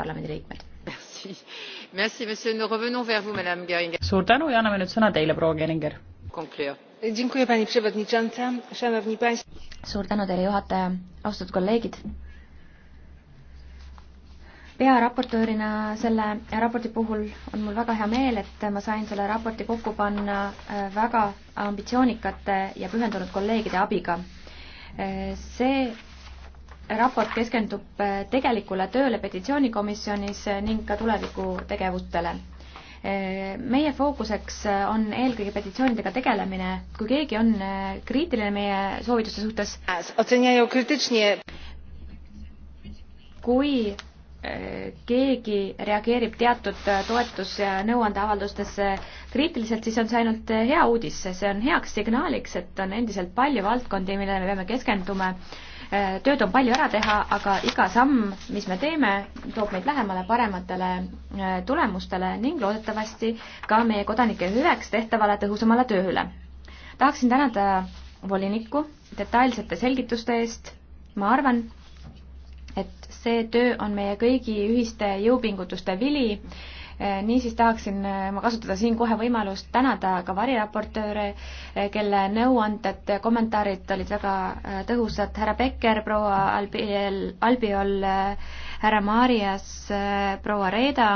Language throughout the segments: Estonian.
parlamendiliikmed. suur tänu ja anname nüüd sõna teile, proua Geringer. suur tänu teile, juhataja, austatud kolleegid pearaportöörina selle raporti puhul on mul väga hea meel, et ma sain selle raporti kokku panna äh, väga ambitsioonikate ja pühendunud kolleegide abiga. Äh, see raport keskendub äh, tegelikule tööle petitsioonikomisjonis äh, ning ka tulevikutegevustele. Äh, meie fookuseks on eelkõige petitsioonidega tegelemine. kui keegi on kriitiline meie soovituste suhtes, kui keegi reageerib teatud toetus- ja nõuandeavaldustesse kriitiliselt, siis on see ainult hea uudis, see on heaks signaaliks, et on endiselt palju valdkondi, millele me peame keskenduma tööd on palju ära teha, aga iga samm, mis me teeme, toob meid lähemale parematele äh, tulemustele ning loodetavasti ka meie kodanike hüveks tehtavale tõhusamale tööle. tahaksin tänada volinikku detailsete selgituste eest, ma arvan, et see töö on meie kõigi ühiste jõupingutuste vili, Eh, niisiis tahaksin eh, ma kasutada siin kohe võimalust tänada ka variraportööre, eh, kelle nõuanded, kommentaarid olid väga tõhusad, härra Becker, proua Albiel, Albiol, härra Marias, proua Reeda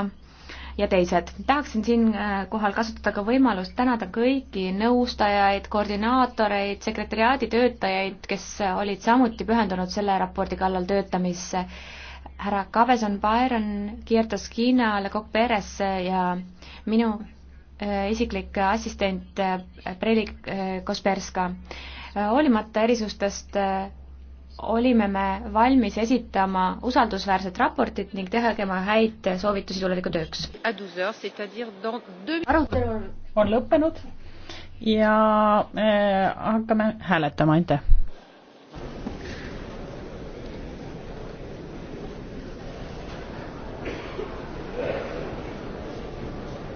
ja teised. tahaksin siinkohal kasutada ka võimalust tänada kõiki nõustajaid, koordinaatoreid, sekretäriaadi töötajaid, kes olid samuti pühendunud selle raporti kallal töötamisse härra Kaveson Byron, Kiertos Hiina, Le Coq Perez ja minu äh, isiklik assistent äh, Prelik äh, Kosperska. hoolimata erisustest olime me valmis esitama usaldusväärset raportit ning tegema häid soovitusi tuleviku tööks. arutelu on lõppenud ja äh, hakkame hääletama, aitäh!